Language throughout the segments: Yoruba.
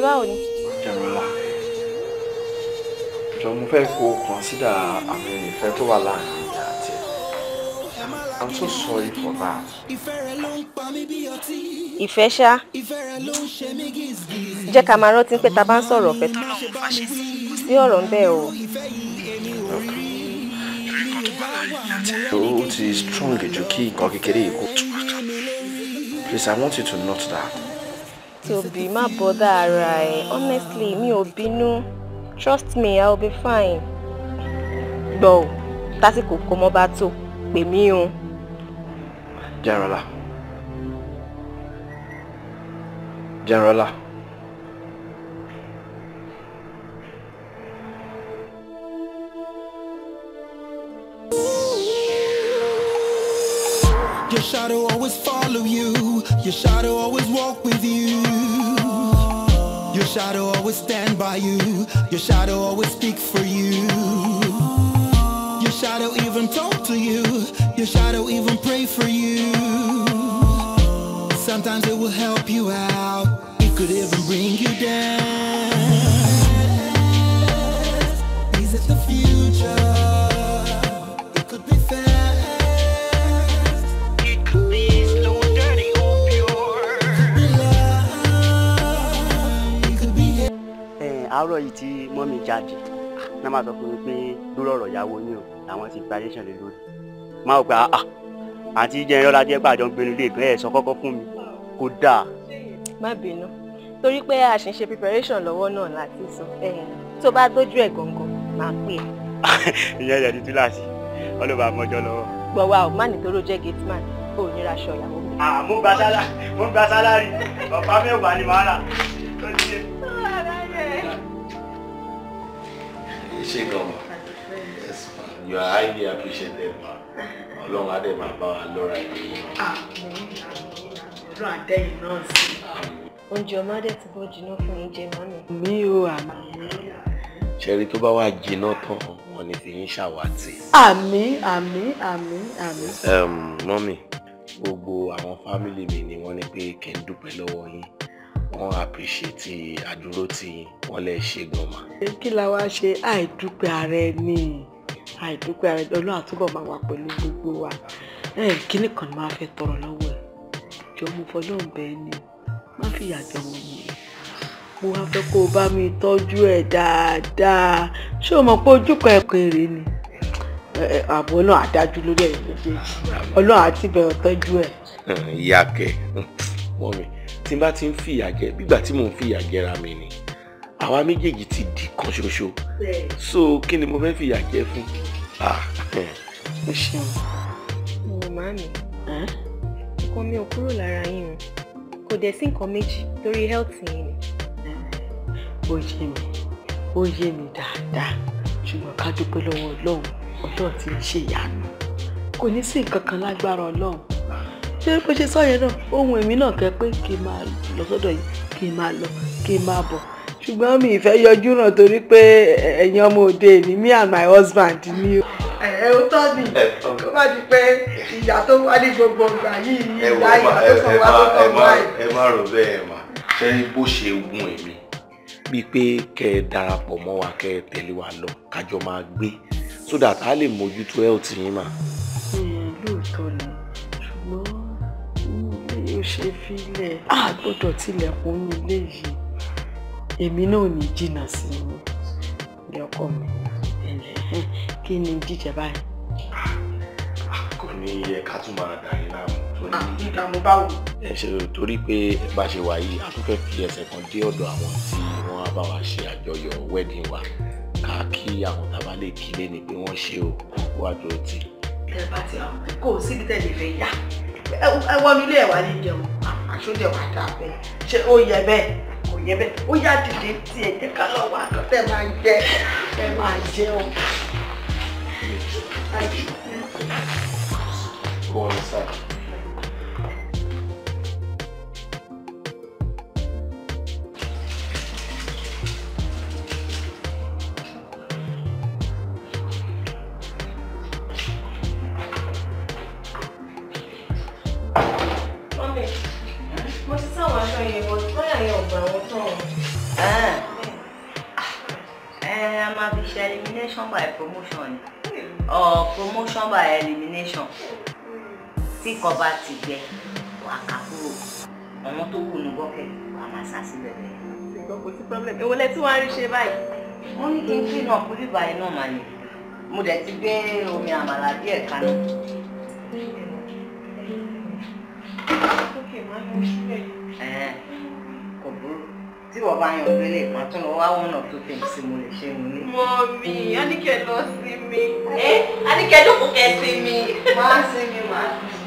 bí báwo ni. Jẹ̀rọ̀lá, jọ mo fẹ́ kó o consider àwọn ìfẹ́ tó wà láàrin mi àti ẹ̀. I'm so sorry for that. Ìfẹ́ ṣá. Jẹ́ ká máa rántí pé ta bá ń sọ̀rọ̀ ọ̀fẹ́ tó lọ́wọ́ fàṣẹ sí. Sí ọ̀rọ̀ ń bẹ̀ o. Ó ti strong ju kí nǹkan kékeré yìí kó Please, I want you to note that. Tobi má bọ́dà ara ẹ̀ honestly mi ò bínú trust me I will be fine. gbọ́ ò tásìkò kò mọ́ bá tó pè mí o. Jẹ́nrọ́lá Jẹ́nrọ́lá. Your shadow always follow you. Your shadow always walk with you. Your shadow always stand by you. Your shadow always speak for you. Your shadow even talk to you. Your shadow even pray for you. Sometimes it will help you out. It could even bring you down. àárọ̀ yìí tí mọ́mí jáde náà máa sọ fún mi pé lórí ọ̀rọ̀ ìyàwó yín o làwọn ti gba adéṣàn lé lórí máa wò pé ah, ah, àǹtí jẹun lọ́la jẹ́ pàjọ́ ń gbénu ilé ìgbẹ́ ẹ̀ sọ kọ́kọ́ fún mi kó dáa. má bínú torí pé a ṣì ń ṣe preparation lọ́wọ́ náà láti sọ tó bá dójú ẹ̀ gangan máa pè é. ìyẹn yẹn ni túláàsì ọlọ́ba àmọ́jọ́ lọ́wọ́. gbọ̀wá ò má nítorí ó jẹ́ gate man ó ní raṣọ ìyàwó mi. àmú gba sálárì ọ̀pá mẹ́wàá ni màá rà lóṣìṣẹ́ ẹ ṣe yes ma you are highly appreciated ma ọlọ́run adé máa bá wa lọ́ra ìlú wa. ọlọ́run àtẹ̀yìn náà sí. oúnjẹ ọmọdé ti On your fún oúnjẹ mọ́nà. mi ò àmà. ṣẹ́rí tó bá wà jiná tán wọn ni fi yín ṣàwátì. àmín àmín àmín àmín. mọ́mì gbogbo àwọn fámìlì mi ni wọ́n ní pé kẹ́ ń dúpẹ́ lọ́wọ́ yín wọ́n appreciate àdúró tí wọ́n lè ṣe gan ma. kí la wá ṣe àìdúpẹ́ ara ẹni àìdúpẹ́ ara ẹni ọlọ́run àtúbọ̀ máa wà pẹ̀lú gbogbo wa kíní kan ni máa fẹ́ tọrọ lọ́wọ́ ẹ̀ jọ mo fọlọ́run bẹ́ẹ̀ ni má fìyà jẹ wọn mi mo wá fẹ́ kó o bá mi tọ́jú ẹ̀ dáadáa ṣé o mọ̀ pé ojúkọ ẹ̀kọ́ èrè ni ààbò náà àdájú lórí ẹ̀ ọlọ́run àti bẹ̀rẹ̀ tọ́jú ẹ̀. ìyá kẹ mọ mi tí n bá ti ń fìyà jẹ bígbà tí mò ń fìyà jẹra mi ni àwa méjèèjì ti di kan ṣoṣo so kí ni mo fẹ́ fìyà jẹ fún ah mo ṣeun mo máa mi nǹkan mi ò kúrò lára yín o kò dẹ̀ sí nǹkan méjì lórí health yín ni. ó yé mi ó yé mi dáadáa ṣùgbọ́n ká dúpẹ́ lọ́wọ́ ọlọ́run ọlọ́run ti ń ṣe ìyanu kò ní sí nǹkan kan lágbára ọlọ́run ah. ṣé bó ṣe sọ yẹn náà ohun èmi náà kẹ pé kí n máa lọ sọ́dọ̀ yìí kí n máa lọ kí n máa bọ̀ ṣùgbọ́n mi ìfẹ́ yọjú náà torí pé ẹ̀yin ọmọ òde ni me and my husband ni o. ẹ o tọ́ ni kó má di pé ìyá tó wá ní gbogbo ọgbà yìí ni ìyá ìyá tó kàn wá tó kàn wá yìí. ẹ má rò bẹ́ẹ̀ mà ṣé bó ṣe gun èmi bíi pé kẹ́ ẹ darapọ̀ mọ́ wa kẹ́ ẹ tẹ̀lé wa lọ kájọ máa gbé so that a lè mójútó health yín mà. ṣe fílẹ̀ a gbọ́dọ̀ tilẹ̀kùn ní ilé yìí èmi náà ní jìnnà sí i ilé ọkọ mi kí ni jíjẹ báyìí. kò ní yẹ ká tún máa dà yín láàmú. àmú báwo. ẹ ṣe torí pé bá ṣe wà yìí a tún fẹ́ fi ẹsẹ̀ kan dé ọ̀dọ̀ àwọn tí wọ́n á bá wa ṣe àjọyọ̀ wedding wa ká kí àwọn tábà lè kílé ni pé wọ́n ṣe o wájú ọtí. ẹ bá ti àwọn kò síbi tẹ̀lé fẹ́ yá ẹ wọnú ilé ẹ̀wà ní jẹun àṣọjẹ wà dà bẹ́ẹ̀ ṣé ó yẹ bẹ́ẹ̀ kò yẹ bẹ́ẹ̀ ó yá dìde tí ẹ ká lọ wà lọ tẹ́ máa jẹ ẹ máa jẹ o. Bọ́ọ̀lù sáà. is elimination by promotion or promotion by elimination tí kan bá ti gbẹ wà á kà kúrò àwọn tó wù ní bọ́kẹ̀ wà á máa sá sí bẹ̀rẹ̀. ṣùgbọ́n kò sí problem èwo lẹ tí wọ́n á rí ṣe báyìí. wọ́n ní kí n fi náà kúrò báyìí náà mà ní mo dẹ̀ ti gbé omi àmàlà díẹ̀ kaná. kò burú tí bàbá yẹn ò délé kan tún lọ wá one or two things tí mo lè ṣe mo lè. mọ mi anike lọ sí mi. ẹ anike jókòó kẹ sí mi. máa sí mi máa sí mi.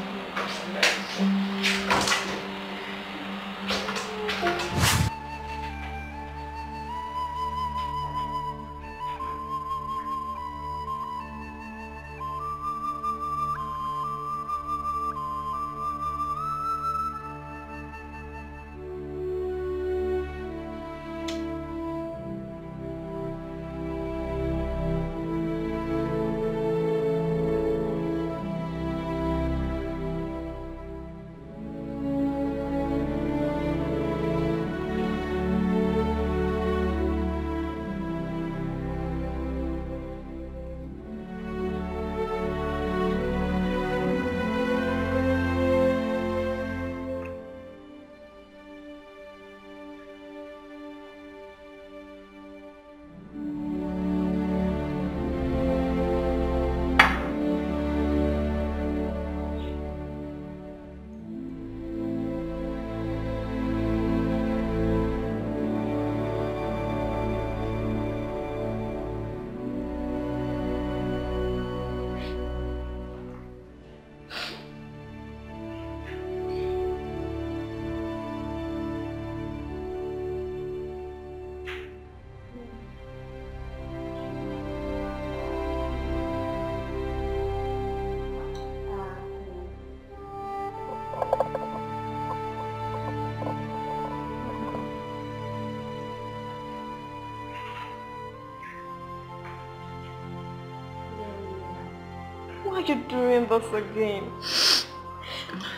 are you doing this again?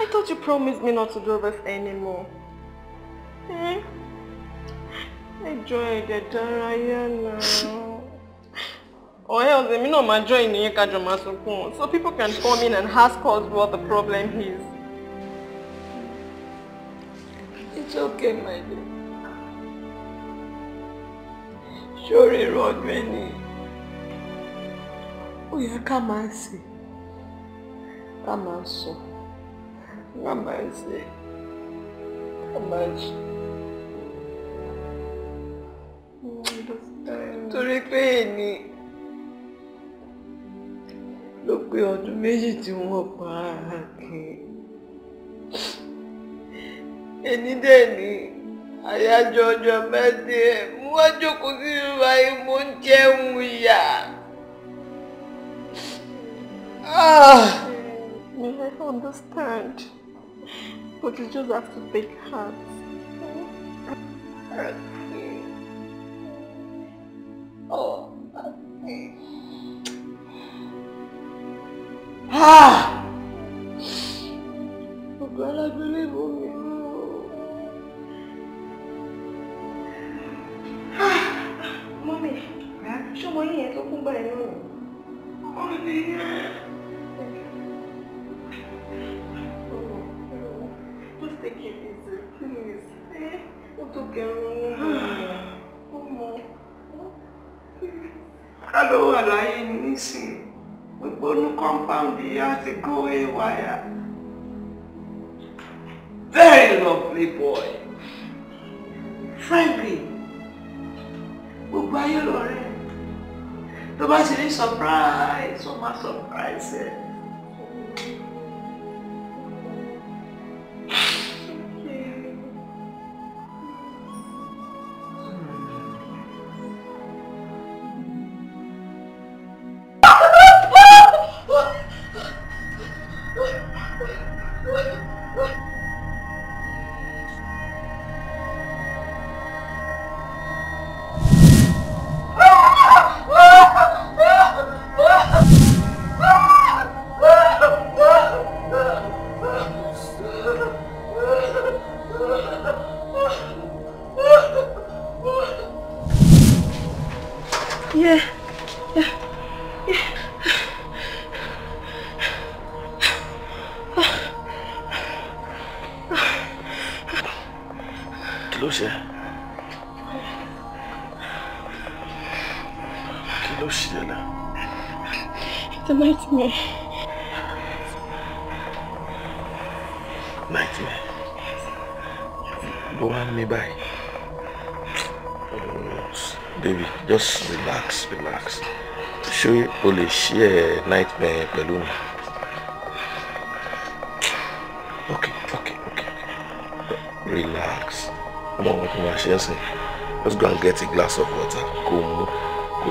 I thought you promised me not to do this anymore. Eh? Enjoy the Daraya now. Or else, I mean, no, my joy in Yekajoma so people can come in and ask us what the problem is. It's okay, my dear. Surely, Rodman. Oh, yeah, come and see. tá a máa sọ a máa ṣe a máa ṣe. torí pé èmi ló pé ọdún méjì tí wọ́n pa Akin èmi dẹ̀ ní àyájọ́ ọjọ́ mẹ́tẹ́ mo jókòó sínú báyìí mo ń jẹun ìyá. Ah! Yeah, I understand. But you just have to take Heart. Oh. Ah! Oh God, I believe in you. Ah! Mommy, show me to your Mommy. Jesus, please. Eh, ó tó kẹrin ó mọ ó mọ. ká ló wà láyé nísìn compound yìí á ti go awaya. Very lovely boy. Frankly, gbogbo ayé lọ rẹ̀. Tó bá ti ní surprise, ó máa surprise ẹ̀.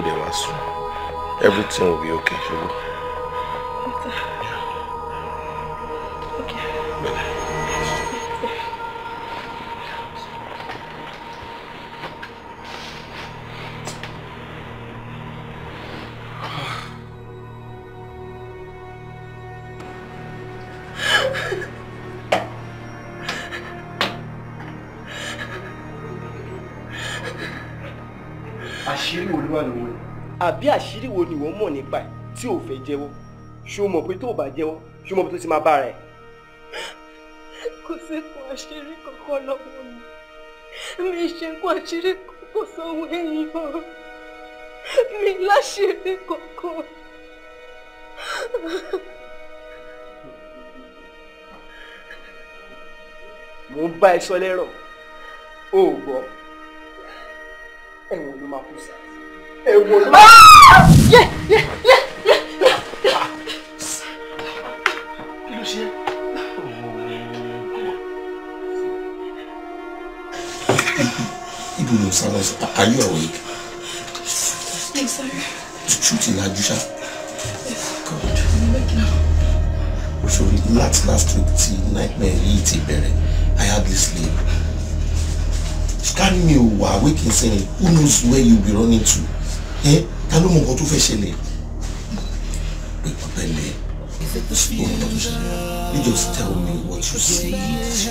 dẹ̀ wá sùn everything will be okay ṣùgbọ́n. àbí àṣírí wo ni wọ́n mọ̀ nípa ẹ̀ tí ò fẹ́ jẹ́wọ́ ṣé o mọ̀ pé tó o bá jẹ́wọ́ ṣé o mọ̀ pé tó ti máa bá ara ẹ̀. kò sí kó àṣírí kankan lọ́wọ́ mi mi ṣe kó àṣírí kankan sọ́wọ́ èèyàn mi láṣírí kankan. mo ń bá ẹ sọ lẹ́rọ̀ o ò gbọ́ ẹ̀wọ̀n ló máa kú sí èwo ló. Ah! yẹ yẹ yẹ yẹ yẹ. kí ló ṣe é. Ibu no silence. Are you awake? I'm sorry. Shooting at Jusha. Yes. God, I'm awake now. So last last week, the nightmare yìí ti bẹ̀rẹ̀. I hardly sleep. Scan me, you were awake insane. Who knows where you'll be running to? ẹ ta ló mọ nǹkan tó fẹ́ ṣẹlẹ̀ pé pẹ̀lẹ́ ṣùgbọ́n nǹkan tó ṣẹlẹ̀ níjọ sí tẹ omi wọ́n tún sí i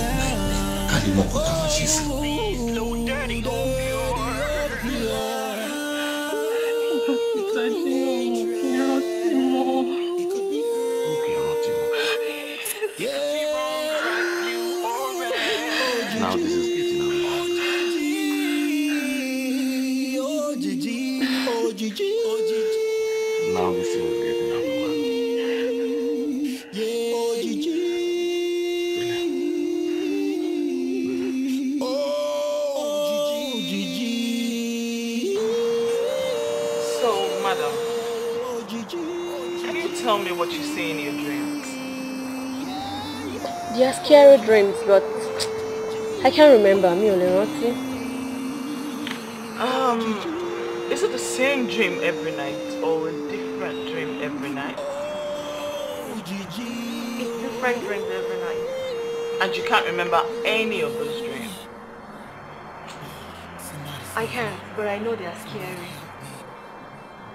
ká lè mọ nǹkan táwọn ṣe sí dreams, but I can't remember. Mi ò lè Um, is it the same dream every night or a different dream every night? It's different dreams every night. And you can't remember any of those dreams? I can, but I know they are scary.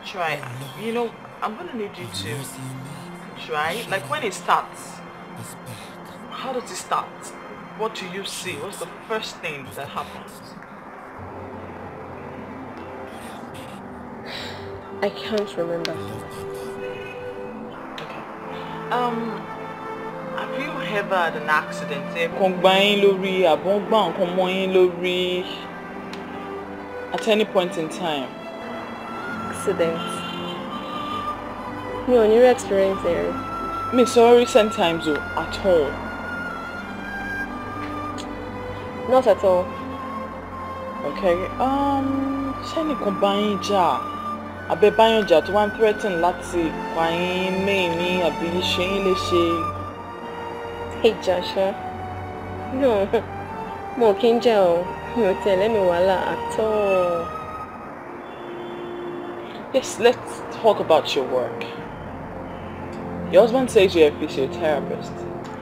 Try. You know, I'm gonna need you to try. Like when it starts, how does it start? What do you see? What's the first thing that happens? I can't remember. Okay. Um, have you ever had an accident? At any point in time. Accident. No, ò experience there. rí. Mi sọ recent times at all. Not at all. Okay, um, ṣé nìkan bá yín jà àbẹ̀báyàn jà tó wá threaten láti pa me mẹ́yìn ní àbí ṣe she. Hey ìjà no mo kinja. You tell o wala at all. àtọ́. Yes, let's talk about your work. Your husband says you're a physiotherapist.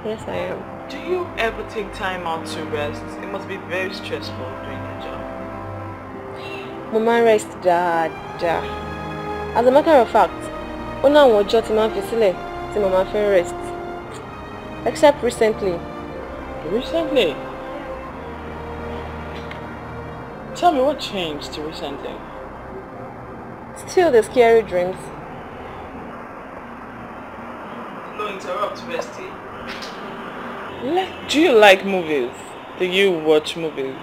Yes, I am. Do you ever take time out to rest? It must be very stressful doing your job. Mama máa Dad. rest As a matter of fact, I ní àwọn ọjọ́ tí máa ń fi sílẹ̀ tí mo máa rest. Except recently. Recently? Tell me what changed recently? Still the scary dreams. No interrupt, rest. Do you like movies? Do you watch movies?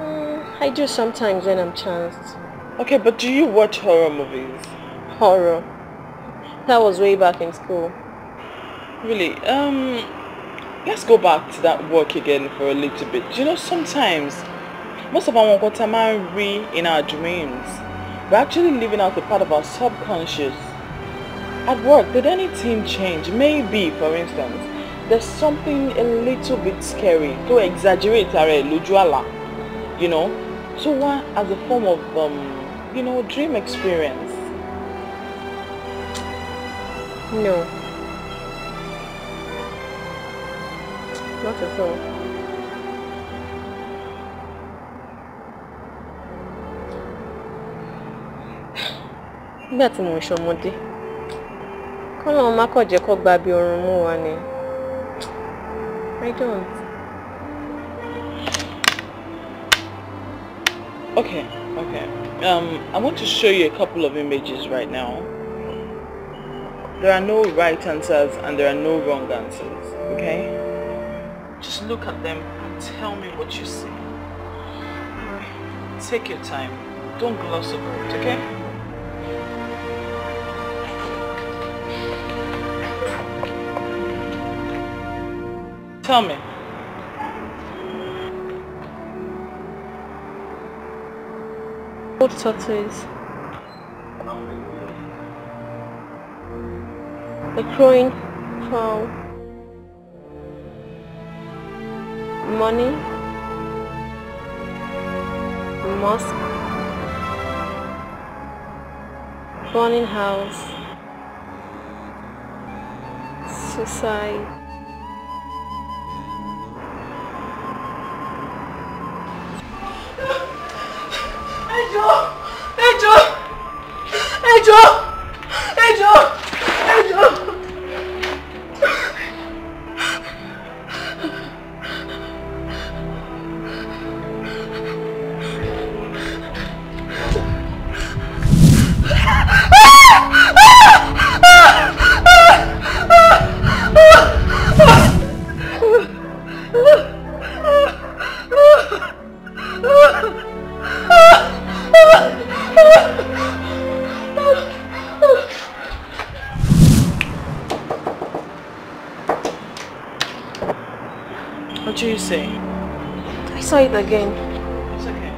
Mm, I do sometimes when I'm chanced. Okay, but do you watch horror movies? Horror. That was way back in school. Really? Um, let's go back to that work again for a little bit. You know, sometimes most of our Nkotaman we in our dreams. We're actually living out a part of our subconscious. At work, did anything change? Maybe, for instance, there's something a little bit scary to exaggerate ara ẹ you know so wá as a form of um, you know dream experience. no not at all. nígbà tí mo ń ṣọmọdé kọ́ lóun má kàn jẹ́ kó gba bí oorun mú wa ni. My dogs. Okay, okay. Um, I want to show you a couple of images right now. There are no right answers and there are no wrong answers, okay? Just look at them and tell me what you see. Take your time. Don't gloss over it, okay? Tell me. What tattoos? The coin, cow. Money. Mosque. Burning house. Suicide. ẹjọ́ ẹjọ́ ẹjọ́. again. It's okay.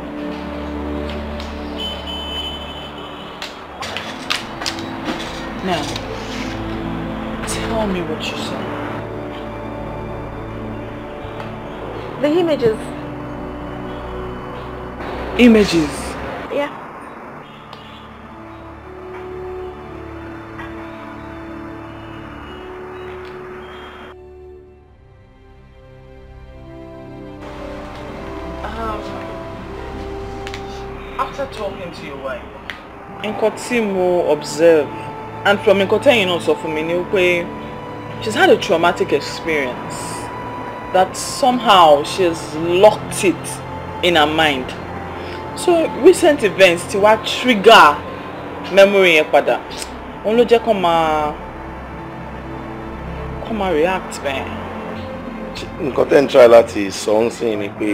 Now, tell me what you saw. The images. Images? nǹkan tí mo observe and from nǹkan tẹ́yìn náà sọ fún mi ni pé she's had a traumatic experience that somehow she's locked it in her mind so recent events ti wá trigger memory yẹn padà òun ló jẹ́ kó máa kó máa react bẹ́ẹ̀. nǹkan tẹ́ ń try láti sọ ń sìn ni pé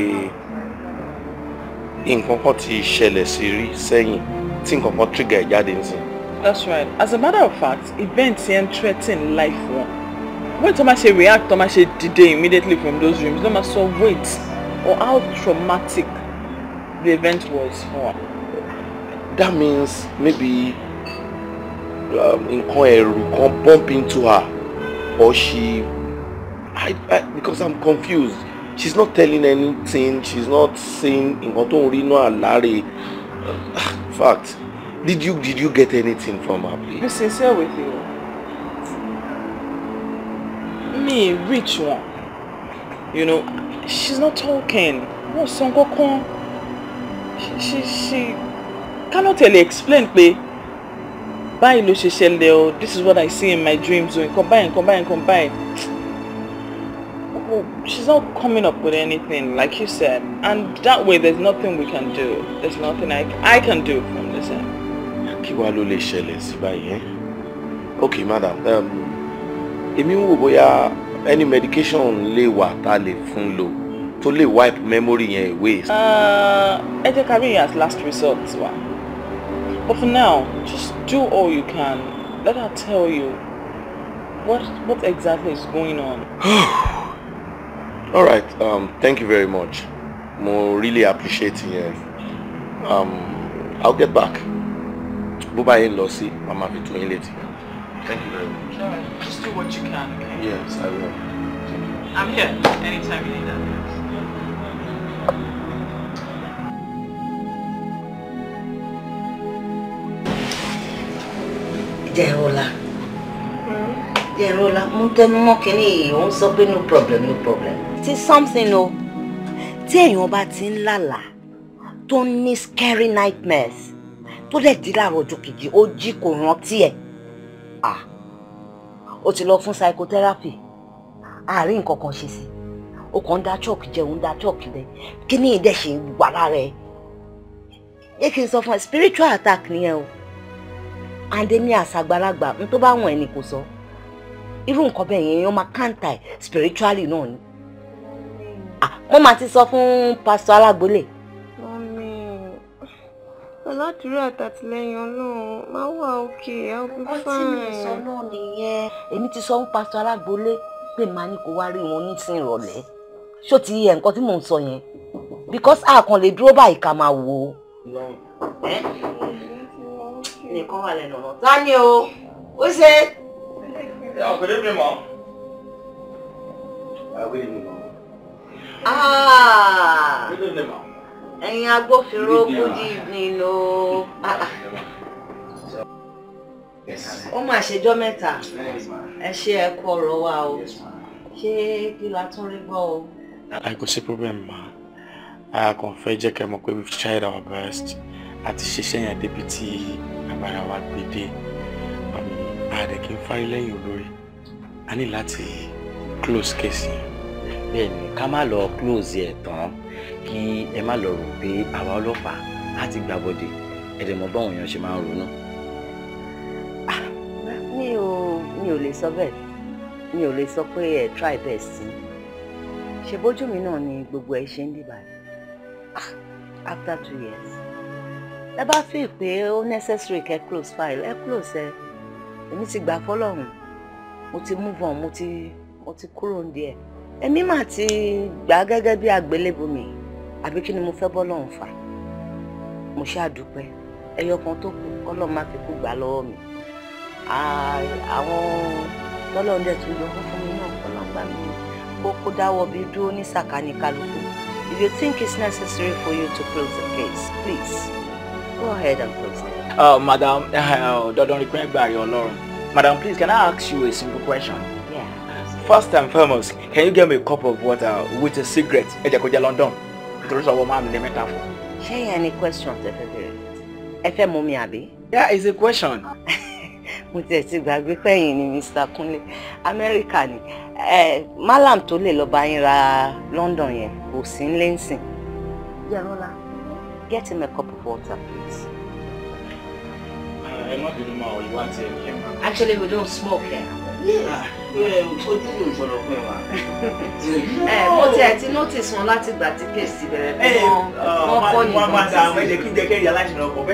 nǹkan kan ti ṣẹlẹ̀ sí rí sẹ́yìn. Think of what trigger ẹ̀ jáde that's right as a matter of fact event yẹn threaten life wọn When tó máa react tó máa ṣe dìde immediately from those rooms No matter sọ wait or how traumatic the event was for her. that means maybe um, nǹkan ẹ̀rù kan bump into her or she I, I because i'm confused she's not telling anything she's not saying nǹkan tó ń rí náà In fact, did you did you get anything from her, please? Be sincere with you. Me, rich one. You know, she's not talking. Wọ́n sọ kankan. She, she, she cannot really explain please. báyìí ló ṣe This is what I see in my dreams o. combine, combine, nǹkan well, she's not coming up with anything, like you said. And that way, there's nothing we can do. There's nothing I, I can do from this end. Kí wá ló lè eh? Okay, madam. Um, èmi ń wò bóyá any medication lè wà tá a lè fún lò tó wipe memory yẹn away. Uh, jẹ́ ká rí as last resort wa. But for now, just do all you can. Let her tell you what what exactly is going on. all right um, thank you very much mo really appreciate it. um, i'll get back Bye, Lucy. I'm happy to fi tún thank you very much. all right just do what you can. Okay? yes i will. i'm here anytime you need that. Deola. Adéróla mo tẹnu mọ́ kínní yìí òun sọ no problem no problem. ti something o tí èèyàn bá ti Lala. lálà tó scary nightmares tó dẹ̀ di láàárọ̀ ọjọ́ kejì ó jí kò rántí ẹ̀ ó ti lọ fún psychotherapy àárín nǹkan kan ṣe sí o kàn ń da chalk jẹ òun da chalk rẹ kí ni ìdẹ ṣe wà lára ẹ yé kí n spiritual attack nìyẹn o and èmi àṣàgbàlagbà n tó bá wọn ẹ ni So irú nǹkan bẹ́ẹ̀ yẹn wọ́n máa kàǹtà ẹ̀ spiritually náà ni. wọ́n máa ti sọ fún pásítọ̀ alágbólè. mọ́mí aládùúrà àtàtìlẹ́yìn ọlọ́run máa wà òkè i'll be fine. ọtí mi sọ náà nìyẹn. èmi ti sọ fún pásítọ̀ alágbólè pé màá ní kó wá rí wọn nísìnyí ìrọ̀lẹ́ ṣó ti yẹ nǹkan tí mò ń sọ yẹn because a kàn lè dúró báyìí ká máa wò ó. nìkan wà lẹ́nu ọ̀nà tá ni o ó ṣe. Yeah, good evening, Mom. good evening, Mom. Ah! Good evening, Mom. ẹ̀yin agbófinró good evening o. Ah, ah. ó mà ṣèjọ́ mẹ́ta ẹ ṣe ẹ kú ọ̀rọ̀ wa o ṣé kí la tún rí gbọ́ o. àìkú sí problem ma I kàn fẹ́ jẹ́ kẹ́ mọ̀ pé we tried our best àti ṣiṣẹ́ yẹn débi tí agbára wa gbé dé àmì àdẹ̀kí ń fárí lẹ́yìn olórí a ní láti close case yẹn. bẹ́ẹ̀ ká má lọ close ẹ̀ tán kí ẹ má lọ rò pé àwa ọlọ́pàá á ti gbàbọ̀dé ẹ̀dẹ̀mọ̀ báwọn èèyàn ṣe máa ń ronú. Ah, mi ò mi ò lè sọ bẹ́ẹ̀ mi ò lè sọ pé ẹ̀ try best sí ṣe bójú mi náà ni gbogbo ẹ ṣe ń dìbà ah, after two years ẹ bá fi pé ó necessary kẹ́ close file ẹ close ẹ èmi ti gbà fọlọ́run mo ti move on mo ti mo ti kúrò ń díẹ̀ èmi mà ti gbà á bí àgbélébùú mi àbí kí ni mo fẹ́ bọ́ lọ́hùn fà mo ṣáà dúpẹ́ ẹyọ tó kù kọ́lọ́ má fi kú gbà lọ́wọ́ mi àwọn tọ́lọ́ dẹ̀ tún yọ fún mi náà kọ́lọ́ gbà mí kó kó dáwọ́ bí dúró ní sàkání kálukú if you think it's necessary for you to close the case please go ahead and close it. Uh, oh, madam oh, dandan rí pé gbàrí ọlọ́run Madam, please, can I ask you a simple question? Yeah. First and foremost, can you get me a cup of water with a cigarette? Ẹ jẹ́ London. Nítorí sọ wọ́n máa ń lè mẹ́ta fún. any yẹn ni question tẹ fẹ́ abi. Ẹ fẹ́ Yeah, it's a question. Mo tiẹ̀ ti gbàgbé ni Mr. Kunle, Amẹ́ríkà ni. Malam tó lè lọ bá yín ra London yẹn kò sí ń lẹ́sìn. Yẹ̀rọ̀la, get him a cup of water please. Ẹ má bínú máa ọ̀ ìwádìí ẹ̀ nìyẹn. Actually, we don't smoke here. Yeah. Eh, mo ti ẹ ti notice wọn láti gbà tí kéèsì bẹ̀rẹ̀ pé eh, wọ́n kọ́ ní ìgbà tí.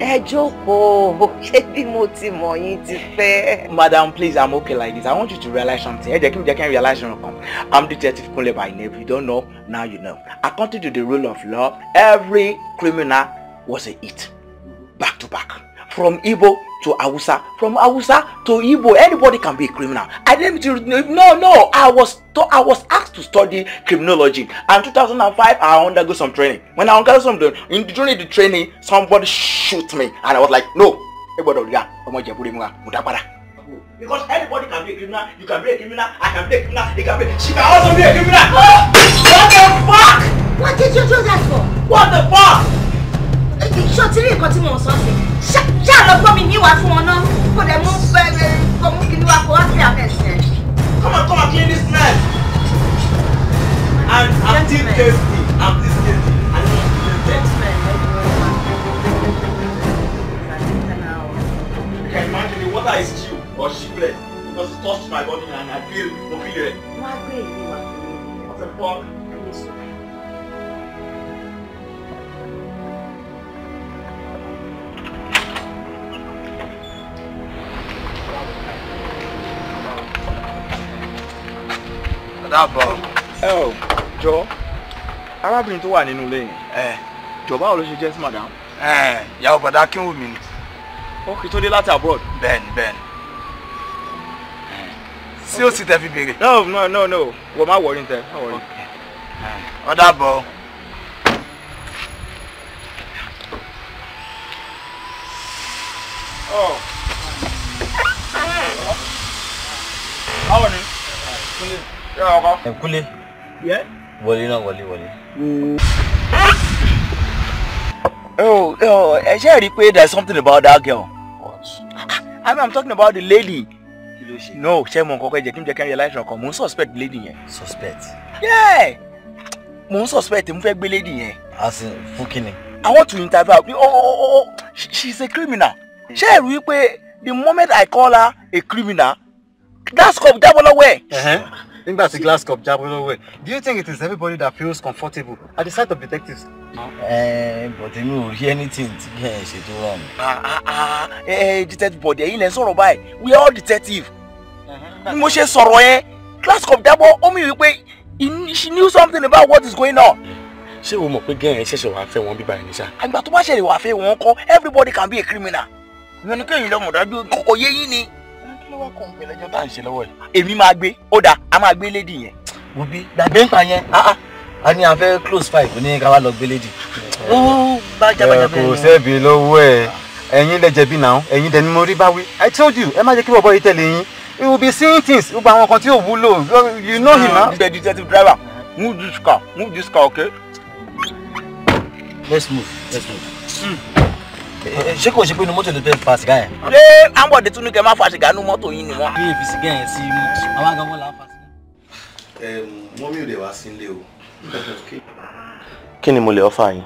ẹ jókòó ṣé bí mo ti mọ̀ yín ti fẹ́. madam please i'm okay like this i want you to realize something ẹ jẹ́ kí n jẹ́ kí n realize nǹkan i'm detective Kunle by if you don't know now you know according to the rule of law every criminal was a hit back to back from Igbo to Hausa, from Hausa to Igbo. Anybody can be a criminal. I didn't no no. I was I was asked to study criminology, and 2005 I undergo some training. When I undergo some in during the training, somebody shoot me, and I was like, no, because anybody can be a criminal, you can be a criminal, I can be a criminal, he can be, she can also be a criminal. What the fuck? What did you do that for? What the fuck? Shut o ti rí ṣé àlọ́gbọ́n mi ní ìwà fún wọn náà kò mú bẹ́ẹ̀ kó mú kí ni kó wá sí àfẹsẹ̀. Come on, come on, clean this mess. And I'm still thirsty. I'm still thirsty. You can imagine the water is chill or shivering because it touched my body and I feel, I feel it. What's the fuck? káàbọ̀. ẹ ò jọ arábìnrin tó wà nínú ilé yẹn jọba ò ló ṣe jẹ́ sí madam. ìyàwó bàdá kí n wù mí ni. ó kì í tó dé láti abroad. bẹ́ẹ̀ni bẹ́ẹ̀ni sí ó sì tẹ fi béèrè. no no no no wọ́n má wọrí tẹ. ó dàbọ̀. ẹ kúlé náà wọlé wọlé. Oh, oh, ẹ ṣe rí i pé there's something about that girl. What? Ah, I mean, I'm talking about the lady. Kí ló ṣe? No, ṣé mo nǹkan kan jẹ́ kí n jẹ́ kí n suspect lady yẹn. Suspect? Yeah! Mò suspect, mo fẹ́ gbé lady yẹn. As in, fún kí I want to interview her. Oh, oh, oh, oh she's a criminal. She, ẹ rí i the moment I call her a criminal, that's called huh nígbà tí glass cup jábọ́ lọ́wọ́ ẹ̀ do you think it is everybody that feels comfortable at the sight of detectives. ẹ eh, but mi will hear anything tí kí ẹ Ah, ah, ah. Eh, detective bọ̀dé yìí lẹ ń by. we are all detective Uh mm-hmm. huh. ṣe sọ̀rọ̀ Eh, glass cup jábọ́ ó mi she knew something about what is going on. She will make again pé gẹ́yìn ṣẹ̀ṣẹ̀ wàá fẹ́ wọn bíbá ẹni ṣá. àgbà tó bá ṣẹlẹ̀ wàá fẹ́ Won't call. everybody can be a criminal. ìyẹn ni kéèyàn lọ́mọ̀dájú kọ̀kọ̀ yé yín ni lọ́wọ́ kan pẹ̀lú ẹjọ́ tá à ń ṣe lọ́wọ́ yìí. èmi máa gbé ó dáa a máa gbé lady yẹn. òbí gbàgbé nǹkan yẹn ah, ah. a ní a fẹ́ close five ní ká wá lọ gbé lady. ó bá jábàjábà yẹn. kò sẹ́bi lọ́wọ́ ẹ̀ ẹ̀yin lẹ jẹ̀bi náà ẹ̀yin dẹ̀ mo rí bá wí. I told you ẹ má jẹ́ kí bọ̀bọ̀ yìí tẹ̀lé yín it will be seeing things gbogbo àwọn kan tí ò wúlò you know him ah, na. mr detective driver move this car move this car okay. let's move let's move. Mm ṣé kò ṣe pé inú mọ́tò ló fẹ́ fa sìgá yẹn. ṣé àǹbọ̀dé tún ní kẹ́ máa fa sìgá inú mọ́tò yín ni wọ́n. bí èfi sìgá yẹn sí mú àwọn agbọ̀n là ń fa sìgá. mọ́mí ò dé wá sílé o. kí ni mo lè ọ́fà yín.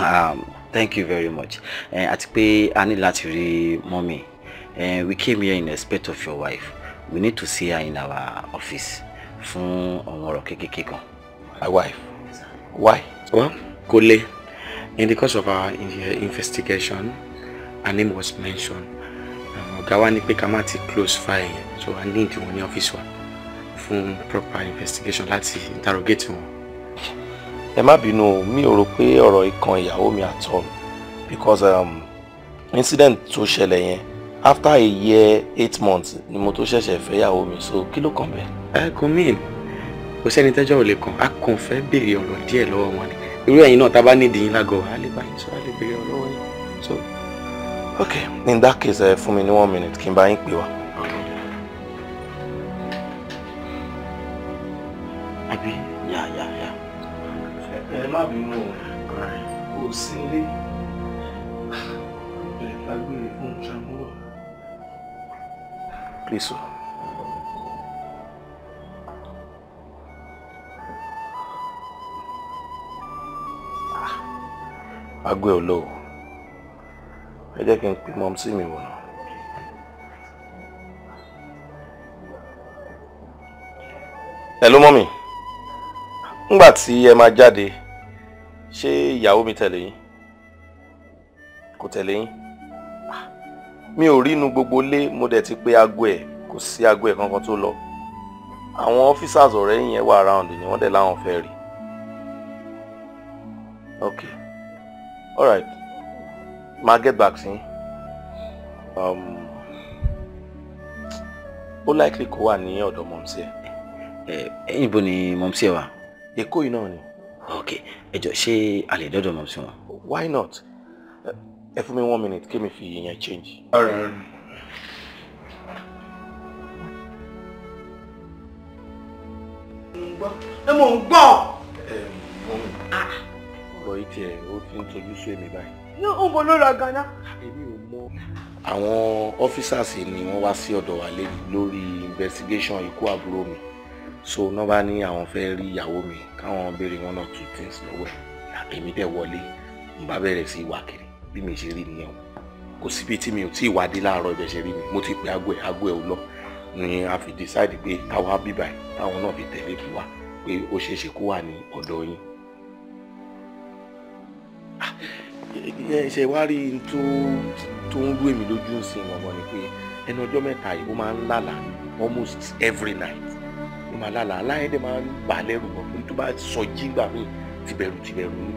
Um, thank you very much eh, àti pé a ní láti rí mọ́mí eh, we came here in respect of your wife we need to see her in our office fún ọ̀rọ̀ kékeré kan. my wife why. kò lè. Well, In the course of our investigation, her name was mentioned. Ọ̀gá wa ní pé ká má ti close file so I need wọn ní ọ́fíìsì wa fún proper investigation Let's interrogate him. Ẹ má bínú mi ò rò pé yaomi at all because um, incident tó ṣẹlẹ̀ after a year eight months ni mo tó ṣẹ̀ṣẹ̀ so kilo ló kàn bẹ́ẹ̀. Ẹ kò mí kò sẹ́ni tẹ́jọ́ ò lè kàn á irú ẹ̀yin náà tá nídìí yín lágọ̀ọ́ a lè bá yín sọ a lè béèrè ọlọ́wọ́ yín so. ok in that case ẹ eh, fún mi ní one minute kí n bá yín pè wá. àbí yà yà yà. ẹ má bínú o kò sí ilé ẹ lágbèrè fún ìṣàmúlò. please o. agbé olówó ẹ jẹ́ kí n pe mọ́mísí mi wò náà. hello mọ́mì ńgbà tí ẹ máa jáde ṣé ìyàwó mi tẹ̀lé yín kò tẹ̀lé yín mi ò rí inú gbogbo lé mo dẹ̀ ti pé aago ẹ̀ kò sí aago ẹ̀ kankan tó lọ àwọn officers ọ̀rẹ́ yẹn wà around ni wọ́n dẹ̀ láwọn fẹ́ rí. okay all right ma get back sí um, ó likely kó wà ní ọ̀dọ̀ mọ̀mísí ẹ̀. ẹ ẹ níbo ni mọ̀mísí ẹ wà. èkó yìí náà ni. ok ẹ jọ ṣé a lè dọ́dọ̀ why not ẹ fún mi one minute kí mi fi yẹn change. all right. mo ń gbọ́. ẹ mò ń gbọ́. ẹ mò ń gbọ́. Ah bọ ìtì ẹ ó ti ń tojú sí èmi báyìí. ní òǹbò ló lọ ganan. èmi ò mọ. àwọn officers ni wọ́n wá sí ọ̀dọ̀ wa lẹ́nu lórí investigation ikú àbúrò mi so náà bá ní àwọn fẹ́ rí ìyàwó mi káwọn béèrè wọn náà two things lọ́wọ́ ẹ̀ èmi dẹ̀ wọlé n bá bẹ̀rẹ̀ sí wà kiri bí mi ṣe rí nìyẹn o kò síbi tí mi ò tí ì wá láàárọ̀ ibẹ̀ ṣe rí mi mo ti pè aago ẹ̀ aago ẹ̀ ò lọ ni a fi decide pé káwa bíbà táwọn náà fi tẹ̀lé fi wá pé ó ṣeé kó wà ní ọ̀dọ̀ yín ṣe wá rí n tó tó ń rú èmi lójú ń sìn ọmọ ni pé ẹnu ọjọ́ mẹ́ta yìí ó máa ń lálà almost every night ó máa lálà aláyẹ̀dẹ̀ máa ń bà lẹ́rù gan pé tó bá sọ jí gbà mí tìbẹ̀rù tìbẹ̀rù ni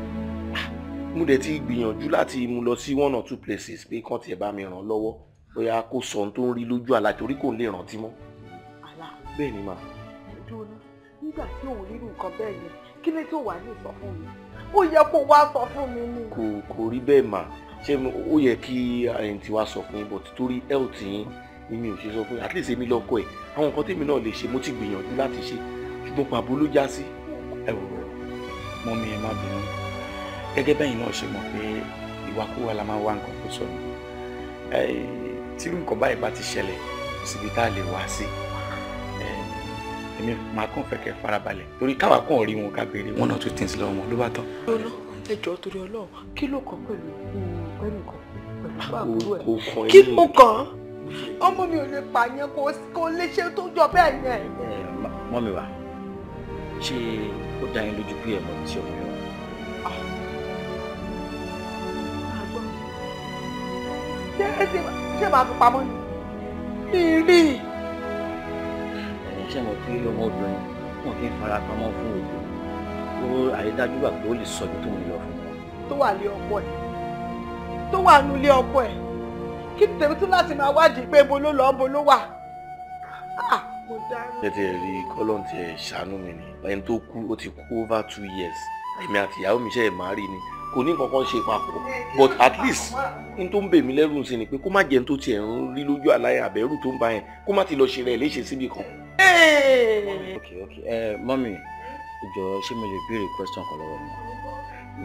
ah, mo dẹ̀ ti gbìyànjú láti mú lọ sí one or two places pé kàn tiẹ̀ bá mi ràn lọ́wọ́ bóyá kó sọ ohun tó ń rí lójú àlá torí kò lè rántí mọ́ bẹ́ẹ̀ ni mà. nígbà tí òun nínú nǹkan bẹ́ẹ̀ yẹn kí ló tó wà ní ìsọfún mi ó yẹ kó wá sọ fún mi ni. kò kò rí bẹ́ẹ̀ mà ṣé ó yẹ kí ẹni tí wàá sọ fún yín but torí health yín ni mi ò ṣe sọ fún yín at least èmi lọ́kọ ẹ̀ àwọn nǹkan tèmi náà lè ṣe mo ti gbìyànjú láti ṣe ṣùgbọ́n pàbó ló já sí. ẹ wò ó mọ́mí ẹ má bínú gẹ́gẹ́ bẹ́yìn náà ṣe mọ̀ pé ìwàkuwà la máa wá nǹkan tó sọnù tírú nǹkan báyìí bá ti ṣẹlẹ̀ síbi tá a lè wá sí èmi máa kàn fẹ́ kẹ́ farabalẹ̀ torí káwa kàn rí wọn ká béèrè one or two things lọ́wọ́ wọn ló bá tán. lọ́nà ẹjọ́ torí ọlọ́run kí ló kàn pẹ̀lú pẹ̀lú kan pẹ̀lú àbúrò ẹ̀ kí ló kàn ọmọ mi ò lè pààyàn kò lè ṣe tó jọ bẹ́ẹ̀ yẹn. mọ́ mi wá ṣé ó dá yín lójú bí ẹ̀ mọ̀ tí ọ̀rẹ́ wa. ṣé ṣé máa fi pamọ́ ni? rí rí ṣe mọ̀ pé ọmọbìnrin wọn kì í fara pamọ́ fún òde ó àrídájú wà pé ó lè sọ ibi tó ń lọ fún wọn. tó wà lé ọkọ ẹ tó wà nù lé ọkọ ẹ kí tèmi tún láti máa wádìí pé bo ló lọ bo wà. Ah, mo rí kọ́lọ́n ti ẹ̀ ṣàánú mi ni ẹni tó kú ó ti kú over two years èmi àti ìyàwó mi ṣe é máa rí ni kò ní kankan ṣe papọ̀ but at least n tó ń bè mí lẹ́rù sí ni pé kó má jẹun tó tiẹ̀ ń rí lójú àlàyé àbẹ̀rù tó ń ba yẹn kó má ti lọ ṣe rẹ̀ léṣe síbi kan okay okay ẹ eh, mọ́mì ìjọ ṣé mo lè béèrè question kan lọ́wọ́ yín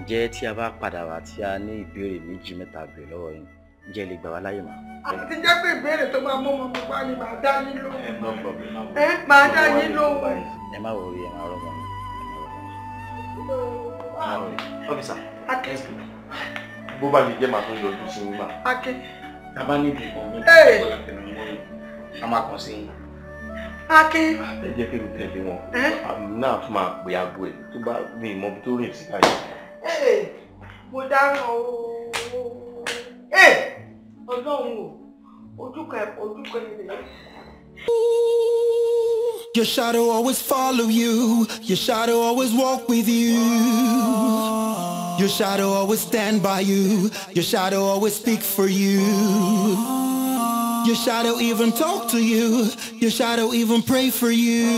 ǹjẹ́ tí a bá padà wá tí a ní ìbéèrè méjì mẹ́ta béèrè lọ́wọ́ yín ǹjẹ́ lè gbà wá láyè mà. àti jẹ́ pé ìbéèrè tó máa mú ọmọ mi wá ni màá dá yín lóhùn ẹ eh, eh, màá dá yín lóhùn. ẹ má wọrí ẹ má rọmọ mi ẹ má rọmọ mi. ọ́fíìsà bó bá lè jẹ́ màá tún yọjú sí yín mà. tá a bá níbi ìbọn mi a máa kàn sí yín. akin. jẹ́ kí n tẹ̀lé wọn náà tún máa pè aago ẹ̀ tó bá mi mọ ibi tó rìn sí báyìí. mo dáná o ọlọ́run o ojúkọ ojúkọ ilẹ̀. Your shadow always follow you. Your shadow always walk with you. Your shadow always stand by you. Your shadow always speak for you. Your shadow even talk to you. Your shadow even pray for you.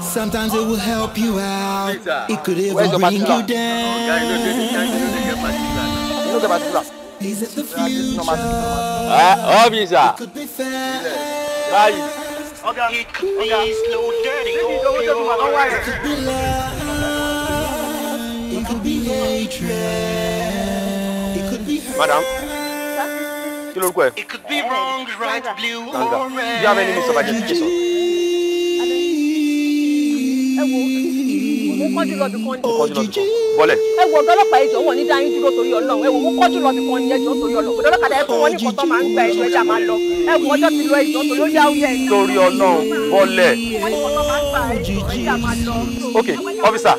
Sometimes it will help you out. It could even bring you down. Is it the future? Ah, it could be fast. It could be dirty, It oh, could be love. It could be hatred. It could be hurt. Madam. kí lorúkọ ẹ. it could be wrong right blue or red. you have any means of identification. ẹ wo mo kọjú lọ bí kan ní. bọ́lẹ̀. ẹ wo ọ̀dọ́ ọlọ́pàá ẹjọ́ wọn ní dáhìn dúró torí ọlọ́run ẹ wo mo kọjú lọ bí kan ní ẹjọ́ torí ọlọ́run ọ̀dọ́ ọlọ́pàá ẹ̀kọ́ wọn ní kọ́tọ́ máa ń gba ẹjọ́ ẹjà máa lọ ẹ wo ọjọ́ ti lọ ẹjọ́ torí ó yá ó yẹ ẹjọ́. torí ọlọ́run bọ́lẹ̀. ok officer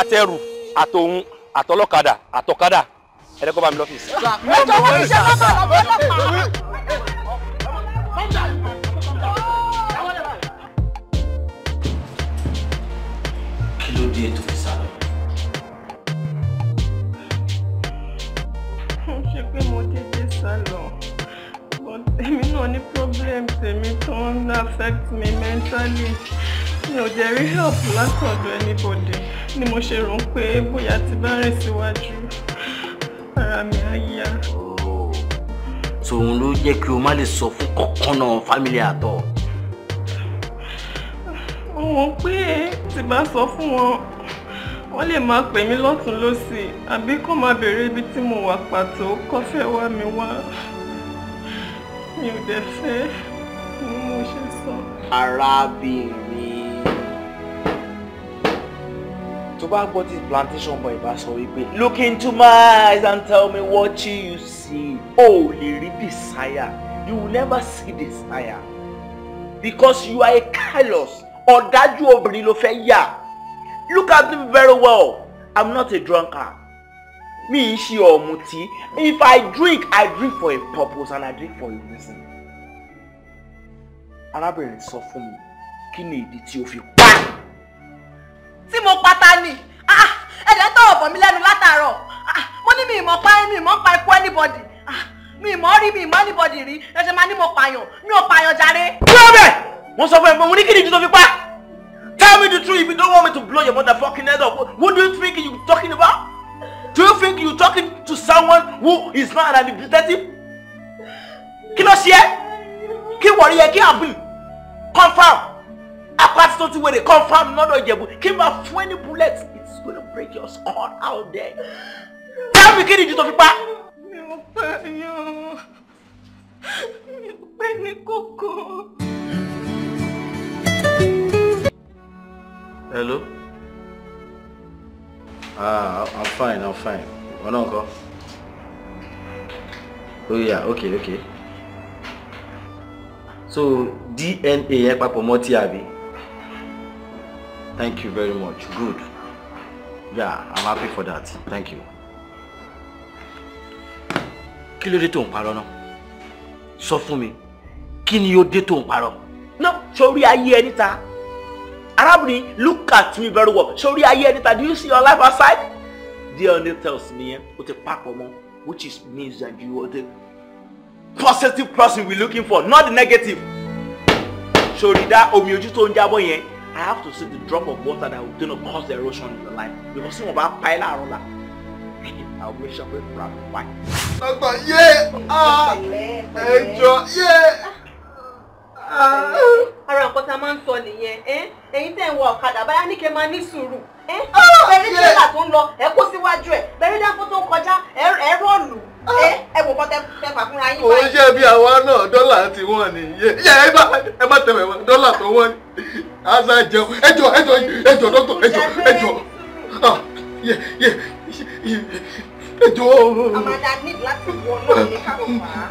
atẹ́rù àtòhun àtọlọ́kadà àtọ̀kadà ẹ lẹ́kọ́ bá mi lọ́fíìsì. ẹ jọ̀wọ́ mi ṣe lọ́pàá lọ́pàá lọ́pàá. ló dé tó fi sálọ. mo ṣe pé mo dédé sálọ but èmi náà ní problem tèmi tó ń affect me mentally mi ò jẹ́ rí help látọ̀dọ̀ anybody ni mo ṣe rò pé bóyá ti bá rìn síwájú ara mi á yá. tòun ló jẹ́ kí o má lè sọ fún kankan náà fámìlì àtọ̀. òun pé tí bá sọ fún wọn wọ́n lè máa pè mí lọ́tún lọ́sì àbí kó máa béèrè ibi tí mo wà pàtó kó fẹ́ mi wá mi ò dẹ̀ fẹ́ mo ṣe sọ. arábìnrin. bá gbọ́ tí plantation boy bá sọ wípé look into my eyes and tell me what you see o oh, lè rí desire you will never see desire because you are a callous ọ̀dájú obìnrin ló fẹ́ yà look at me very well i'm not a drunker. mi ń ṣe ọ̀mùtí if i drink i drink for a purpose and i drink for a reason arábìnrin sọ fún mi kí ni ìdí tí o fi kú tí mo pata ni ah, ẹ̀jẹ̀ tọ̀rọ̀ bọ̀ mí lẹ́nu látàárọ̀ ah, mo ní mi ìmọ̀ pa mi ìmọ̀ pa ikú anybody ah, mi ìmọ̀ rí mi ìmọ̀ anybody rí ẹ̀jẹ̀ máa ní mo pààyàn mi ò pààyàn jàre. dúró bẹ́ẹ̀ wọ́n sọ fún ẹ pé mo ní kí ni ìjú tó fi pa tell me the truth if you don't want me to blow your motherfucking head off, who do you think you talking about do you think you talking to someone who is not an detective kí ló ṣe é kí wọ̀rí yẹ kí àbí confam apart tó ti where they confirm not kí n máa fún ẹ ní it's gonna break your skull out there. tell me kí ni ìdí tó fi pa. mi ò pẹ́ yan mi ò pẹ́ hello ah i'm fine i'm fine wọn náà kọ oh yeah okay okay so dna yẹn papọ̀ mọ́ Thank you very much. Good. Yeah, I'm happy for that. Thank you. Kill your dé tó ń parọ́ náà? Sọ fún mi, kí ni ó dé tó ń parọ́? No, sórí ayé ẹni ta. Arábìnrin, look at me very well. Sórí ayé ẹni ta, do you see your life outside? Dear Onitels nìyẹn, eh, o ti papọ̀ mọ́, which is means that you are the positive person we're looking for, not the negative. Sórí that omi to tó ń I have to see the drop of water that will gonna cause the erosion in your life. Because tí mo bá pa ẹ́ láàárọ̀ la, I will make sure pé fura mi pa ẹ́. Dọ́kítà yé ah, ẹjọ́ yé. Ara nǹkan tá a máa ń sọ nìyẹn, ẹ̀yin tẹ̀ ń wọ ọ̀kadà báyá ní kẹ́ máa ní sùúrù. Bẹ̀rẹ̀ ah, tíṣà tó ń lọ, ẹ kó síwájú ẹ̀, bẹ̀rẹ̀ dáko tó ń kọjá, ẹ rọ̀lù ah. ẹ wò kọ́ tẹ fà fúnra yín báyìí. òun yẹ bí àwa náà dọ́là ti wọ́n ni yẹ ẹ má tẹ̀wẹ̀ wọn dọ́là tó wọ́n ni alájẹun ẹjọ ẹjọ ẹjọ dọkítọ ẹjọ ẹjọ ah, yẹ yẹ yẹ ẹjọ. àmàlà ní láti wọ náà ní káwọn wà á.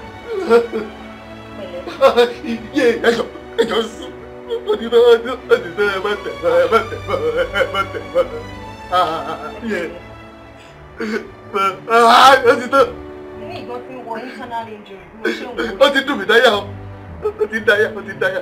yẹ ẹjọ ẹjọ sí odidọ odidọ ẹ má tẹ ẹ má tẹ ẹ má tẹ yẹ odidọ. ilé ìgbọ́n ti wọ internal injury ló ṣe ń wọlé. ó ti dùn mí dáyà ó ti dáyà ó ti dáyà.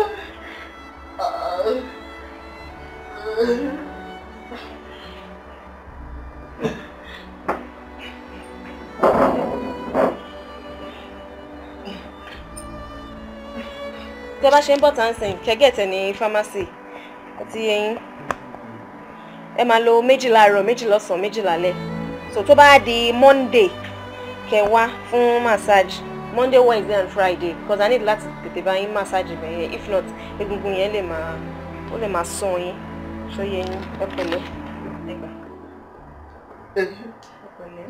ṣe ń bọ̀ tá à ń sìn kẹ́gẹ̀tẹ̀ ní fámásì kò tí yẹ yín ẹ máa lo méjì láàárọ̀ méjì lọ́sàn-án méjì so tó bá di monday kẹ wá fún massage monday wednesday and friday because i need láti tètè bá yín massage ibẹ̀ yẹn if not egungun yẹn lè máa ó lè máa sàn yín ṣó yẹ yín ẹ pẹ̀lẹ́ ẹgbà ẹ pẹ̀lẹ́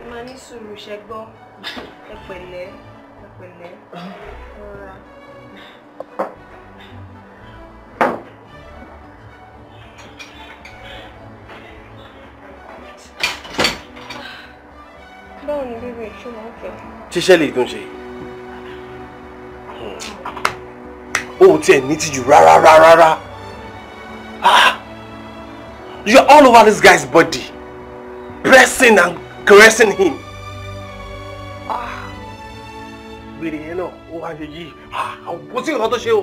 ẹ máa ní sùúrù ṣẹgbọ́ ẹ pẹ̀lẹ́ pẹ̀lẹ́ rọra. báwo ni bíbí ìṣó máa ń fẹ́. ṣíṣẹ́ lè dùn ṣe hmm. o ò tiẹ̀ ní tìjú rárá rárá rárá ah! you all over this guy's body pressing and caressing him. gbèrè yẹn náà ó wá ṣe yìí kò sí nǹkan tó ṣe o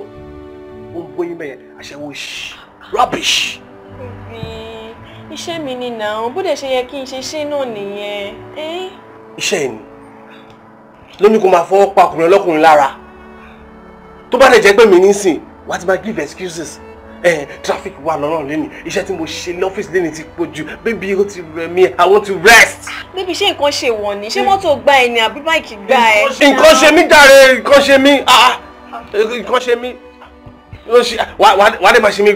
ó ń bóyá bẹ́ẹ̀ àṣẹwó ṣì rubbish. bíbí iṣẹ́ mi ni nàá bó dẹ̀ ṣe yẹ kí n ṣe ṣe náà nìyẹn. iṣẹ́ ẹ̀ ni lóní kò máa fọwọ́ pa ọkùnrin ọlọ́kùnrin lára tó bá dẹ̀ jẹ́ pé mi nísìn wàá ti máa give excuses traffic wà lọ́nà lẹ́nu iṣẹ́ tí mo ṣe lọ́fíìsì lẹ́nu ti pọ̀ jù bébí o ti rẹ̀ mí I want to rest. Ah, bébí ṣé nǹkan ṣe wọ̀n ni ṣé mọ́tò gba ẹni àbí báìkì gba ẹ. nǹkan ṣe mí jàre nǹkan ṣe mí ah, ah, nǹkan ṣe mí wà á dé máa ṣe mí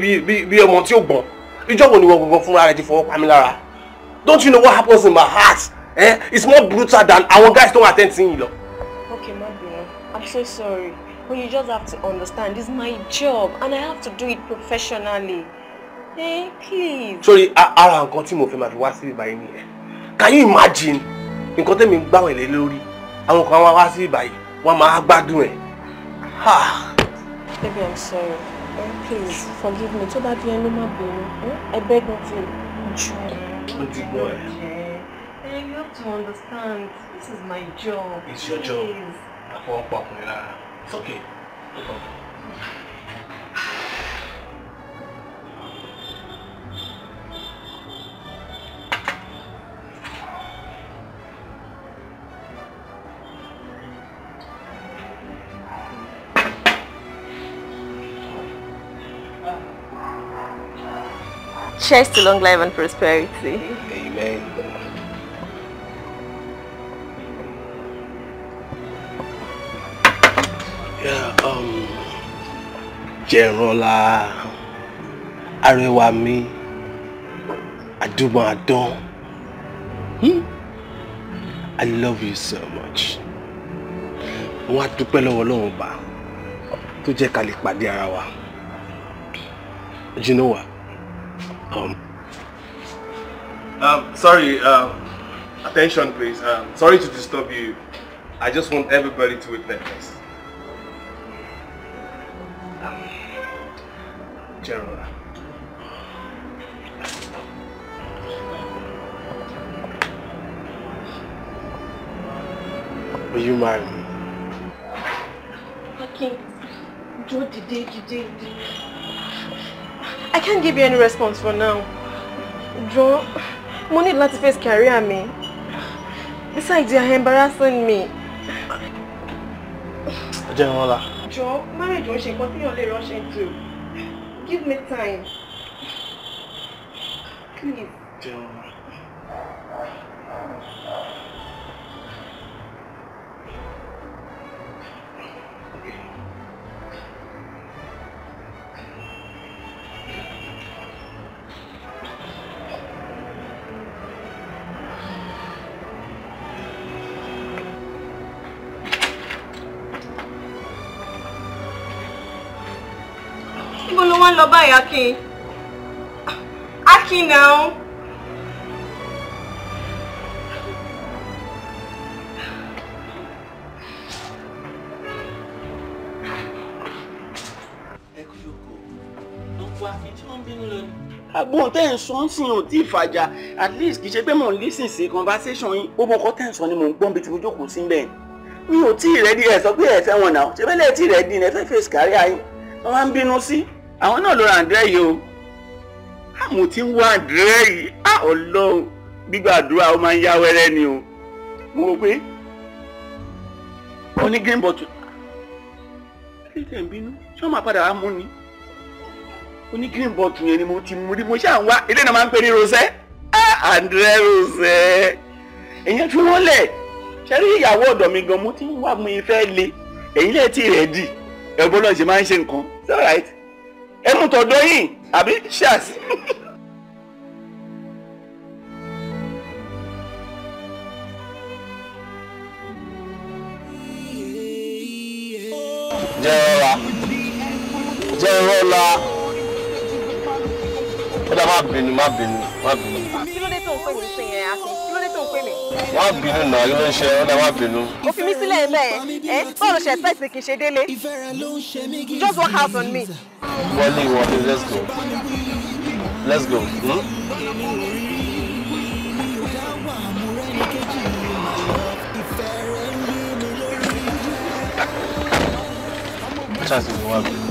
bí ọmọ tí ò gbọ́n ìjọ wo ni wọ́n gbọ́n fúnra rẹ̀ ti fọwọ́ pa mí lára don't you know what happens in my heart eh? it's more brutal than our guys tó wà tẹ́ǹtì yìí lọ. okay má bínú I'm so sorry. But you just have to understand, it's my job and I have to do it professionally. Hey, eh, please. Sorry, ara nǹkan tí mo fẹ́ máa fi wá sí ìbáyé nìyẹn. Can you imagine? Nǹkan tẹ́mi ń gbàwẹ̀ lé lórí. Àwọn kan wá wá sí ìbáyé, wọ́n máa gbádùn ẹ̀. Baby, I'm sorry. Eh, please, forgive me. Tó that di ẹnu má bínú. Eh, I beg of you. Jọ̀ọ́. Ó ti gbọ́ You have to understand, this is my job. It's your job. Àfọwọ́pọ̀ ọkùnrin lára. cooking. Cheers to long life and prosperity. Yeah, um, arẹwà mi àdúgbò àdán hmm? I love you so much wọ́n á dúpẹ́ lọ́wọ́ Ọlọ́run To tó jẹ́ ká lè pàdé ara wa you know what um, um sorry um, attention please um, sorry to disturb you I just want everybody to witness this. jẹ́ Will you marry me? Akin, Joe dìde dìde dìde. I can't give you any response for now. Joe, money, need láti face career me. Besides, you're embarrassing me. Jẹ́wọ́n la. Joe, marriage ò ń ṣe nǹkan tí yàn Give me time. Please. Don't. lọ aqui Akin. Akin now. agbóhùn tẹ́ ń sọ ń sìn ò tí ì fàjà at least kì í ṣe pé mò ń lísìn sí conversation yín gbogbo nǹkan tẹ́ ń sọ ni mò ń gbọ́n bí ti fojú kù sí bẹ́ẹ̀ mi ò tí ì rẹ́dí ẹ̀ sọ pé ẹ̀ fẹ́ wọn náà ṣe fẹ́ lẹ́ẹ̀ tí ì rẹ́dí ẹ̀ fẹ́ fèsì kárí ayé wọ́n máa ń bínú àwọn náà ló ra àǹdírẹ́ yìí o àmọ́ tí ń wá àǹdírẹ́ yìí á ọlọ́run gbígbàdúrà ó máa ń yá wẹ́rẹ́ ni o mo rò pé ó ní green bottle kí lè bínú ṣé wọ́n máa padà wá mú ni ó ní green bottle yẹn ni mo ti mú rí mo ṣáà ń wá ilé náà máa ń pè ní rosé àǹdírẹ́ rosé èyàn fi wọ́n lẹ̀ ṣe rí ìyàwó ọ̀dọ̀ mi gan mo ti ń wá mi fẹ́ le èyí lẹ́ẹ̀tì rẹ̀ dì ẹ̀gbọ́n náà máa ń ṣe nǹkan is that right? ẹ mú tọ̀dọ̀ yìí àbí ṣáàs. jẹ́rọ̀la jẹ́rọ̀la ó dá má bínú má bínú má bínú kí ló dé tó ń pè mí sí yẹn àti kí ló dé tó ń pè mí. wá bínú náà ló ń ṣe ọ́ náà wá bínú. o fi mí sílẹ̀ ẹ̀mẹ́ ẹ̀ báwo ṣe expect kì ṣe délé just walk out on me. wọlé wọlé let's go let's go. Hmm? Chance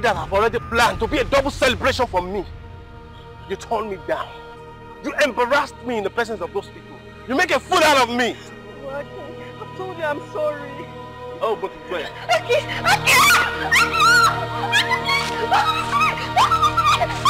day that I've already planned to be a double celebration for me, you turned me down. You embarrassed me in the presence of those people. You make a fool out of me. i told you I'm sorry. Oh, but where? Aki! Aki! Aki! Aki! Aki! Aki!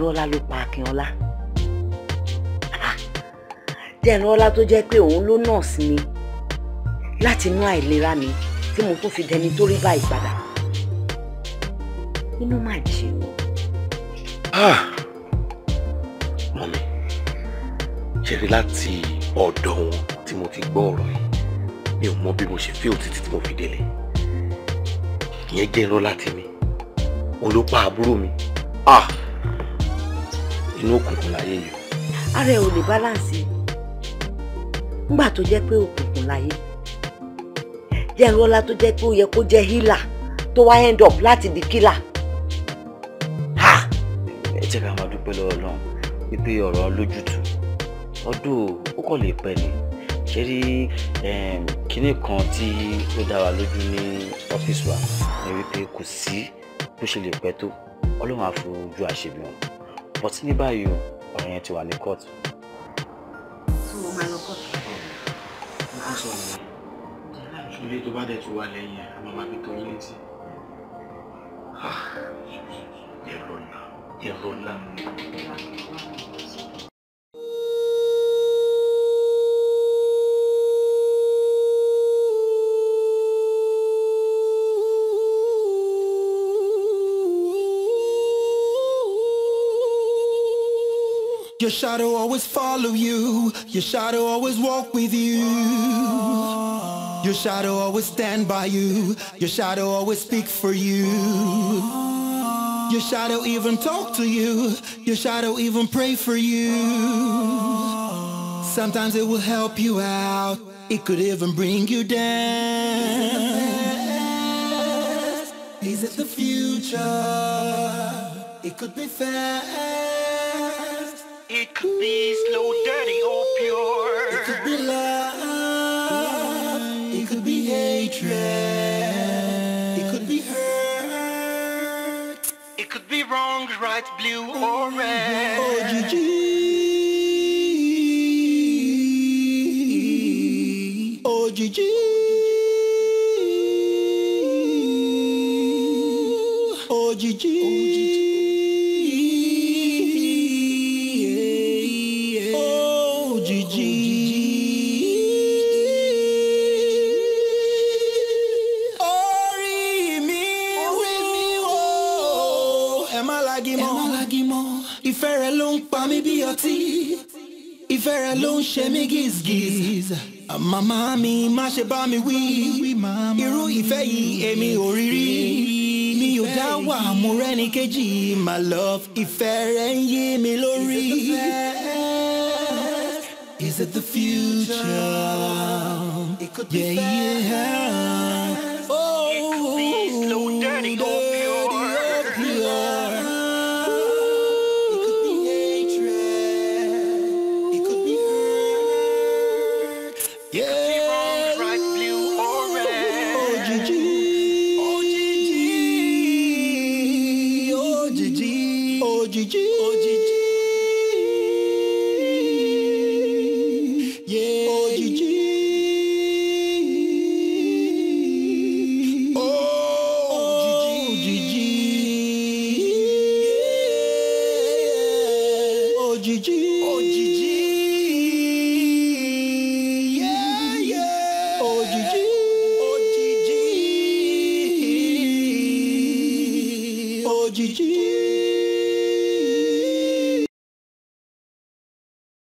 Tẹ̀rọlá ló pa Akínọlá Tẹ̀rọlá ah, tó jẹ́ pé òun ló nọ́ọ̀sì mi láti inú àìlera mi tí mo tún fi dẹni tó rí báyìí padà inú mà jẹ o. Ah, mọ́mi ṣeré láti ọ̀dọ̀ wọn tí mo ti gbọ́ ọ̀rọ̀ yìí mi ò mọ bí mo ṣe fíò títí tí mo fi délé ìyẹn jẹ́ irọ́ láti òun ló pa àbúrò mi. Ah inú òkùnkùn láyé yìí. ara ẹ ò lè balance nígbà tó jẹ́ pé òkùnkùn láyé jẹ́ ìrọ́lá tó jẹ́ pé ó yẹ kó jẹ́ hílà tó wá end up láti di kílà. ẹ jẹ́ ká máa dúpẹ́ lọ́wọ́ Ọlọ́run wípé ọ̀rọ̀ lójútùú ọdún ó kàn lè pẹ́ ni ṣe rí ehm, kinní kan tí ó dá wa lójú ní ọ́fíìsì wa ni wípé kò sí bó ṣe lè pẹ́ tó Ọlọ́run á fojú àṣebí wọn but ní báyìí o ọ̀rọ̀ yẹn ti wà ní court. tí mo máa lọ court. mo kàn sọ nìyẹn ilé tó bá dẹ̀ tó wà lẹ́yìn ẹ̀ a máa fi tó yín létí. Ah, ẹ̀rọ ńlá ẹ̀rọ ńlá. Your shadow always follow you. Your shadow always walk with you. Your shadow always stand by you. Your shadow always speak for you. Your shadow even talk to you. Your shadow even pray for you. Sometimes it will help you out. It could even bring you down. Is it the future? It could be fair. It could be slow, dirty, or pure. It could be love. It could be hatred. It could be hurt. It could be wrong, right, blue, or red. Oh, Oh, OGG. Oh, OGG. OGG. màmá mi má ṣe bá mi wí irú ìfẹ́ èmi mi ò dá wà mo rẹ́ni kejì my love ìfẹ́ rẹ yé mi lórí. Is it the future? It could be yeah, yeah.